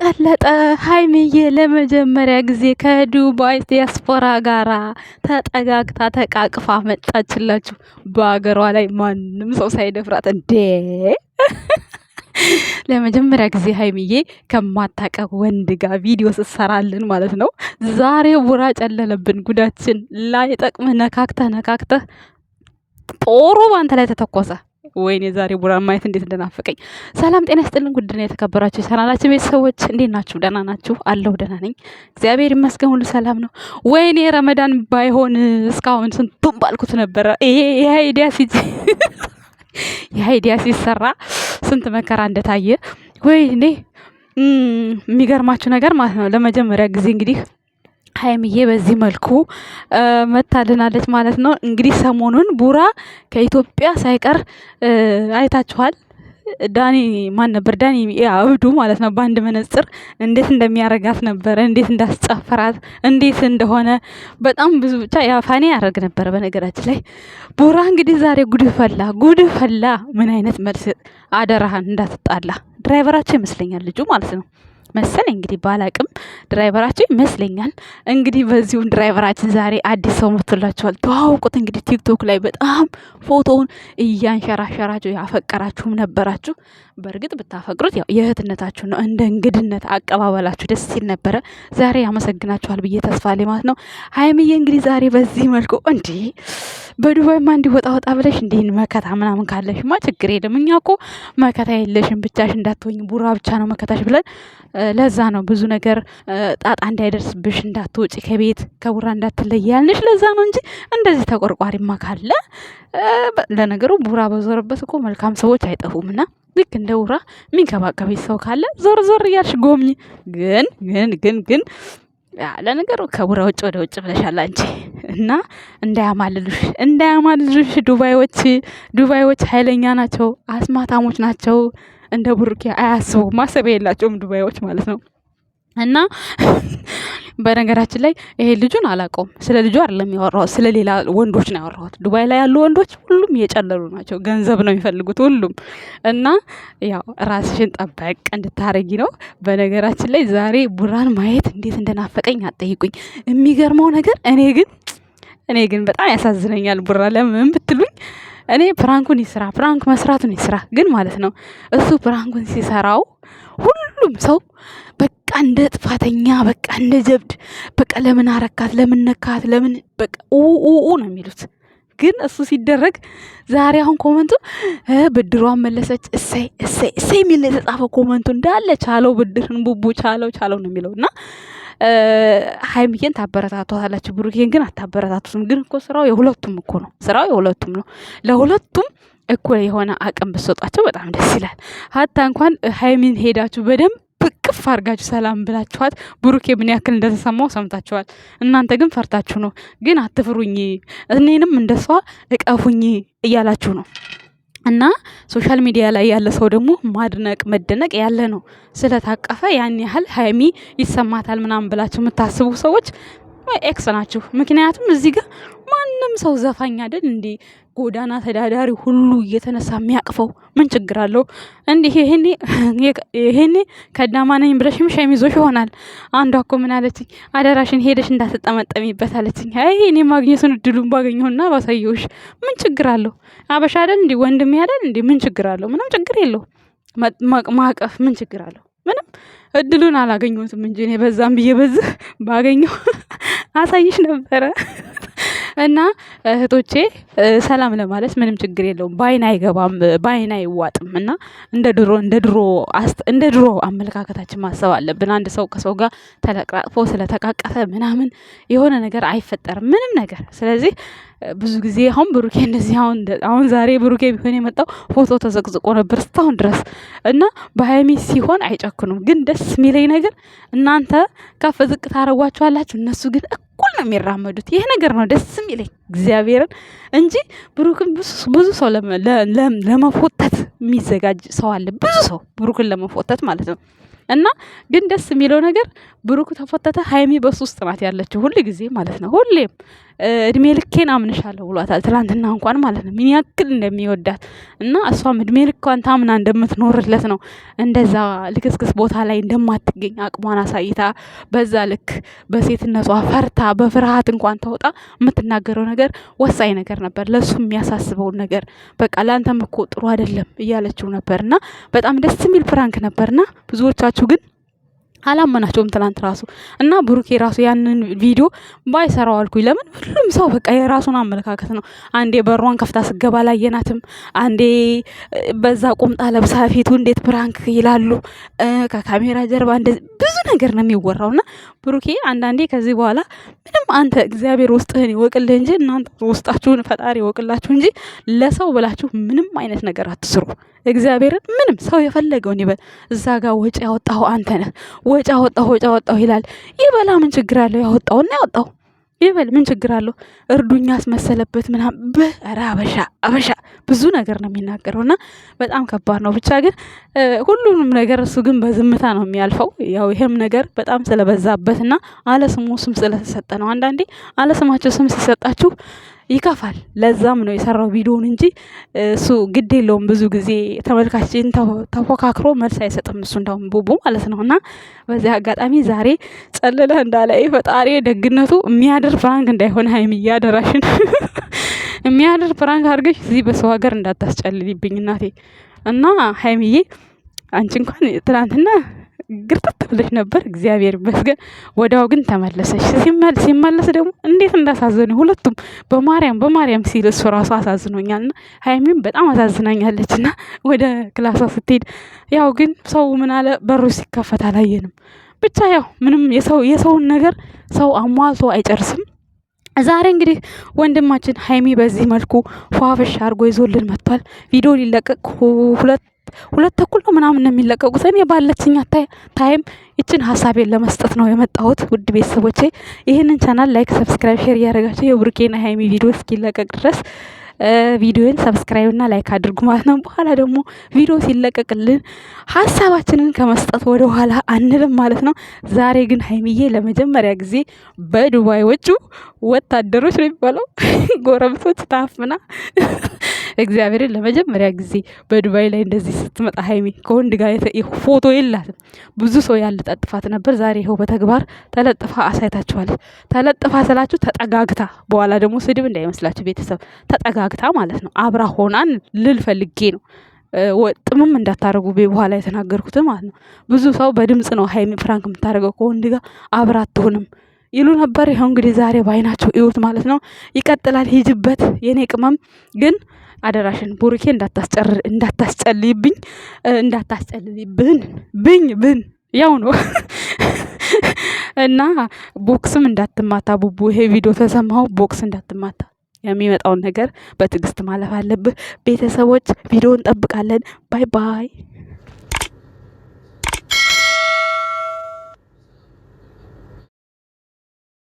ቀለጠ ሀይሚዬ ለመጀመሪያ ጊዜ ከዱባይ ዲያስፖራ ጋራ ተጠጋግታ ተቃቅፋ መጣችላችሁ። በሀገሯ ላይ ማንም ሰው ሳይደፍራት እንዴ! ለመጀመሪያ ጊዜ ሀይሚዬ ከማታቀብ ወንድ ጋር ቪዲዮ ስትሰራልን ማለት ነው። ዛሬ ቡራ ጨለለብን ጉዳችን ላይ ጠቅመ ነካክተ ነካክተህ ጦሩ ባንተ ላይ ተተኮሰ። ወይኔ ዛሬ ቡራን ማየት እንዴት እንደናፈቀኝ። ሰላም ጤና ይስጥልን። ጉድና የተከበራችሁ የሰናላችን ቤተሰቦች እንዴት ናችሁ? ደህና ናችሁ? አለሁ ደህና ነኝ፣ እግዚአብሔር ይመስገን፣ ሁሉ ሰላም ነው። ወይኔ ረመዳን ባይሆን እስካሁን ስንቱም ባልኩት ነበረ። ይሄ የሀይዲያ ሲ የሀይዲያ ሲሰራ ስንት መከራ እንደታየ ወይኔ። የሚገርማችሁ ነገር ማለት ነው ለመጀመሪያ ጊዜ እንግዲህ ሀይምዬ በዚህ መልኩ መታልናለች ማለት ነው። እንግዲህ ሰሞኑን ቡራ ከኢትዮጵያ ሳይቀር አይታችኋል። ዳኒ ማን ነበር? ዳኒ አብዱ ማለት ነው። በአንድ መነጽር እንዴት እንደሚያረጋት ነበረ፣ እንዴት እንዳስጨፈራት፣ እንዴት እንደሆነ በጣም ብዙ ብቻ ያፋኔ ያደርግ ነበረ። በነገራችን ላይ ቡራ እንግዲህ ዛሬ ጉድ ፈላ፣ ጉድ ፈላ። ምን አይነት መልስ! አደራህን እንዳትጣላ። ድራይቨራቸው ይመስለኛል ልጁ ማለት ነው። መሰል እንግዲህ ባላቅም ድራይቨራቸው ይመስለኛል። እንግዲህ በዚሁን ድራይቨራችን ዛሬ አዲስ ሰው መጥቶላችኋል። ተዋውቁት። እንግዲህ ቲክቶክ ላይ በጣም ፎቶውን እያንሸራሸራችሁ ያፈቀራችሁም ነበራችሁ። በእርግጥ ብታፈቅሩት ያው የእህትነታችሁ ነው። እንደ እንግድነት አቀባበላችሁ ደስ ሲል ነበረ። ዛሬ ያመሰግናችኋል ብዬ ተስፋ ማለት ነው። ሀይምዬ እንግዲህ ዛሬ በዚህ መልኩ እንዲህ በዱባይማ እንዲህ ወጣ ወጣ ብለሽ እንዲህን መከታ ምናምን ካለሽማ ችግር የለም። እኛ እኮ መከታ የለሽም ብቻሽ እንዳትወኝ ቡራ ብቻ ነው መከታሽ ብለን ለዛ ነው ብዙ ነገር ጣጣ እንዳይደርስብሽ እንዳትወጪ ከቤት ከቡራ እንዳትለይ ያልንሽ ለዛ ነው እንጂ እንደዚህ ተቆርቋሪማ ካለ ለነገሩ ቡራ በዞረበት እኮ መልካም ሰዎች አይጠፉምና ልክ እንደ ውራ የሚንከባከብ ሰው ካለ ዞር ዞር እያልሽ ጎብኝ። ግን ግን ግን ግን ለነገሩ ከቡራ ውጭ ወደ ውጭ ብለሻል አንቺ። እና እንዳያማልሉሽ እንዳያማልሉሽ። ዱባዮች ዱባዮች ኃይለኛ ናቸው፣ አስማታሞች ናቸው። እንደ ቡሩኪ አያስቡ ማሰብ የላቸውም ዱባዮች ማለት ነው። እና በነገራችን ላይ ይሄ ልጁን አላውቀውም። ስለ ልጁ አይደለም ያወራሁት፣ ስለ ሌላ ወንዶች ነው ያወራሁት። ዱባይ ላይ ያሉ ወንዶች ሁሉም እየጨለሉ ናቸው። ገንዘብ ነው የሚፈልጉት ሁሉም። እና ያው ራስሽን ጠበቅ እንድታረጊ ነው። በነገራችን ላይ ዛሬ ቡራን ማየት እንዴት እንደናፈቀኝ አጠይቁኝ የሚገርመው ነገር እኔ ግን እኔ ግን በጣም ያሳዝነኛል ቡራ ለምን ብትሉኝ እኔ ፕራንኩን ይስራ ፕራንክ መስራቱን ይስራ ግን ማለት ነው እሱ ፕራንኩን ሲሰራው ሁሉም ሰው በቃ እንደ ጥፋተኛ በቃ እንደ ጀብድ በቃ ለምን አረካት ለምን ነካት ለምን በቃ ኡኡ ነው የሚሉት ግን እሱ ሲደረግ ዛሬ አሁን ኮመንቱ ብድሯን መለሰች እሰይ እሰይ እሰይ የሚል የተጻፈ ኮመንቱ እንዳለ ቻለው ብድርን ቡቡ ቻለው ቻለው ነው የሚለው እና ሀይሚዬን ታበረታቷታላችሁ፣ ብሩኬን ግን አታበረታቱትም። ግን እኮ ስራው የሁለቱም እኮ ነው። ስራው የሁለቱም ነው። ለሁለቱም እኩል የሆነ አቅም ብሰጧቸው በጣም ደስ ይላል። ሀታ እንኳን ሀይሚን ሄዳችሁ በደንብ ብቅፍ አርጋችሁ ሰላም ብላችኋት ብሩኬ ምን ያክል እንደተሰማው ሰምታችኋል። እናንተ ግን ፈርታችሁ ነው። ግን አትፍሩኝ፣ እኔንም እንደሷ እቀፉኝ እያላችሁ ነው። እና ሶሻል ሚዲያ ላይ ያለ ሰው ደግሞ ማድነቅ መደነቅ ያለ ነው። ስለታቀፈ ያን ያህል ሀይሚ ይሰማታል ምናምን ብላችሁ የምታስቡ ሰዎች ኤክስ ናችሁ። ምክንያቱም እዚህ ጋር ማንም ሰው ዘፋኝ አይደል እንዴ? ጎዳና ተዳዳሪ ሁሉ እየተነሳ የሚያቅፈው ምን ችግር አለው? እንዲህ ይሄኔ ከዳማ ነኝ ብለሽም ሸሚዞሽ ይሆናል። አንዷ እኮ ምን አለችኝ? አደራሽን ሄደሽ እንዳትጠመጠሚበት አለችኝ። አይ እኔ ማግኘቱን እድሉን ባገኘሁና ባሳየሁሽ ምን ችግር አለው? አበሻ አይደል እንዲህ ወንድሜ አይደል እንዲህ ምን ችግር አለው? ምንም ችግር የለው። ማቀፍ ምን ችግር አለው? ምንም እድሉን አላገኘሁትም እንጂ እኔ በዛም ብዬ በዝህ ባገኘው አሳይሽ ነበረ። እና እህቶቼ ሰላም ለማለት ምንም ችግር የለውም። ባይን አይገባም፣ ባይን አይዋጥም። እና እንደ ድሮ እንደ ድሮ እንደ ድሮ አመለካከታችን ማሰብ አለብን። አንድ ሰው ከሰው ጋር ተለቅራቅፎ ስለተቃቀፈ ምናምን የሆነ ነገር አይፈጠርም ምንም ነገር ስለዚህ ብዙ ጊዜ አሁን ብሩኬ እንደዚህ አሁን አሁን ዛሬ ብሩኬ ቢሆን የመጣው ፎቶ ተዘቅዝቆ ነበር እስካሁን ድረስ እና በሀይሚ ሲሆን አይጨክኑም። ግን ደስ የሚለኝ ነገር እናንተ ከፍ ዝቅ ታረጓችኋላችሁ፣ እነሱ ግን እኩል ነው የሚራመዱት። ይሄ ነገር ነው ደስ የሚለኝ እግዚአብሔርን እንጂ ብሩክን ብዙ ሰው ለመፎተት የሚዘጋጅ ሰው አለ፣ ብዙ ሰው ብሩክን ለመፎተት ማለት ነው። እና ግን ደስ የሚለው ነገር ብሩክ ተፎተተ፣ ሀይሚ በሱ ውስጥ ናት ያለችው ሁል ጊዜ ማለት ነው ሁሌም እድሜ ልኬን አምንሻለሁ ብሏታል። ትላንትና እንኳን ማለት ነው ምን ያክል እንደሚወዳት እና እሷም እድሜ ልኳን ታምና እንደምትኖርለት ነው እንደዛ ልክስክስ ቦታ ላይ እንደማትገኝ አቅሟን አሳይታ በዛ ልክ በሴትነቷ ፈርታ በፍርሃት እንኳን ተውጣ የምትናገረው ነገር ወሳኝ ነገር ነበር ለሱ የሚያሳስበውን ነገር በቃ ለአንተም እኮ ጥሩ አይደለም እያለችው ነበር እና በጣም ደስ የሚል ፕራንክ ነበርና ብዙዎቻችሁ ግን አላመናቸውም ትላንት ራሱ እና ብሩኬ ራሱ ያንን ቪዲዮ ባይሰራው አልኩኝ። ለምን ሁሉም ሰው በቃ የራሱን አመለካከት ነው። አንዴ በሯን ከፍታ ስገባ ላየናትም፣ አንዴ በዛ ቁምጣ ለብሳ ፊቱ እንዴት ብራንክ ይላሉ ከካሜራ ጀርባ ብዙ ነገር ነው የሚወራው። እና ብሩኬ አንዳንዴ ከዚህ በኋላ ምንም አንተ እግዚአብሔር ውስጥህን ይወቅልህ እንጂ እናንተ ውስጣችሁን ፈጣሪ ይወቅላችሁ እንጂ ለሰው ብላችሁ ምንም አይነት ነገር አትስሩ። እግዚአብሔርን ምንም ሰው የፈለገውን ይበል። እዛ ጋር ወጪ ያወጣው አንተ ነህ ወጪ አወጣሁ ወጪ አወጣሁ ይላል። ይበላ ምን ችግር አለው? ያወጣውና ያወጣው ይበል ምን ችግር አለው? እርዱኛ አስመሰለበት ምናም በረ አበሻ አበሻ ብዙ ነገር ነው የሚናገረው እና በጣም ከባድ ነው። ብቻ ግን ሁሉንም ነገር እሱ ግን በዝምታ ነው የሚያልፈው። ያው ይህም ነገር በጣም ስለበዛበት እና አለ ስሙ ስም ስለተሰጠ ነው። አንዳንዴ አለ ስም ሲሰጣችሁ ይከፋል። ለዛም ነው የሰራው ቪዲዮውን እንጂ እሱ ግድ የለውም። ብዙ ጊዜ ተመልካችን ተፎካክሮ መልስ አይሰጥም። እሱ እንዳውም ቡቡ ማለት ነው። እና በዚህ አጋጣሚ ዛሬ ጸልለ እንዳለ ፈጣሪ ደግነቱ የሚያድር ፍራንክ እንዳይሆን ሀይም እያደራሽን የሚያድር ፍራንክ አድርገሽ እዚህ በሰው ሀገር እንዳታስጨልልብኝ እናቴ። እና ሀይምዬ አንቺ እንኳን ትናንትና ግርጥት ብለሽ ነበር። እግዚአብሔር ይመስገን ወዲያው ግን ተመለሰች። ሲመለስ ደግሞ እንዴት እንዳሳዘኑ ሁለቱም በማርያም በማርያም ሲል እሱ ራሱ አሳዝኖኛል። ና ሀይሚም በጣም አሳዝናኛለች። ና ወደ ክላሷ ስትሄድ ያው ግን ሰው ምን አለ በሩ ሲከፈት አላየንም። ብቻ ያው ምንም የሰውን ነገር ሰው አሟልቶ አይጨርስም። ዛሬ እንግዲህ ወንድማችን ሀይሚ በዚህ መልኩ ፏፍሽ አድርጎ ይዞልን መጥቷል። ቪዲዮ ሊለቀቅ ሁለት ሁለት ተኩል ነው ምናምን ነው የሚለቀቁት። እኔ ባለችኛ ታይም ይችን ሀሳቤን ለመስጠት ነው የመጣሁት። ውድ ቤተሰቦቼ ይህንን ቻናል ላይክ፣ ሰብስክራይብ፣ ሼር እያደረጋቸው የብሩኬና ሀይሚ ቪዲዮ እስኪለቀቅ ድረስ ቪዲዮን ሰብስክራይብና ላይክ አድርጉ ማለት ነው። በኋላ ደግሞ ቪዲዮ ሲለቀቅልን ሀሳባችንን ከመስጠት ወደ ኋላ አንልም ማለት ነው። ዛሬ ግን ሀይሚዬ ለመጀመሪያ ጊዜ ወጪ ወታደሮች ነው የሚባለው ጎረምሶች ታፍና እግዚአብሔርን ለመጀመሪያ ጊዜ በዱባይ ላይ እንደዚህ ስትመጣ ሀይሚ ከወንድ ጋር ፎቶ የላትም። ብዙ ሰው ያለጠጥፋት ነበር። ዛሬ ይኸው በተግባር ተለጥፋ አሳይታችኋለች። ተለጥፋ ስላችሁ ተጠጋግታ፣ በኋላ ደግሞ ስድብ እንዳይመስላችሁ ቤተሰብ፣ ተጠጋግታ ማለት ነው። አብራ ሆናን ልል ፈልጌ ነው ጥምም እንዳታደርጉ በኋላ የተናገርኩት ማለት ነው። ብዙ ሰው በድምፅ ነው ሀይሚ ፍራንክ የምታደርገው ከወንድ ጋር አብራ አትሆንም ይሉ ነበር። ይኸው እንግዲህ ዛሬ ባይናቸው እዩት ማለት ነው። ይቀጥላል። ሂጅበት የኔ ቅመም ግን አደራሽን ቡሩኬ እንዳታስጨልይብኝ እንዳታስጨልይብን ብኝ ብን ያው ነው እና ቦክስም እንዳትማታ ቡቡ፣ ይሄ ቪዲዮ ተሰማው ቦክስ እንዳትማታ የሚመጣውን ነገር በትዕግስት ማለፍ አለብህ። ቤተሰቦች ቪዲዮ እንጠብቃለን። ባይ ባይ።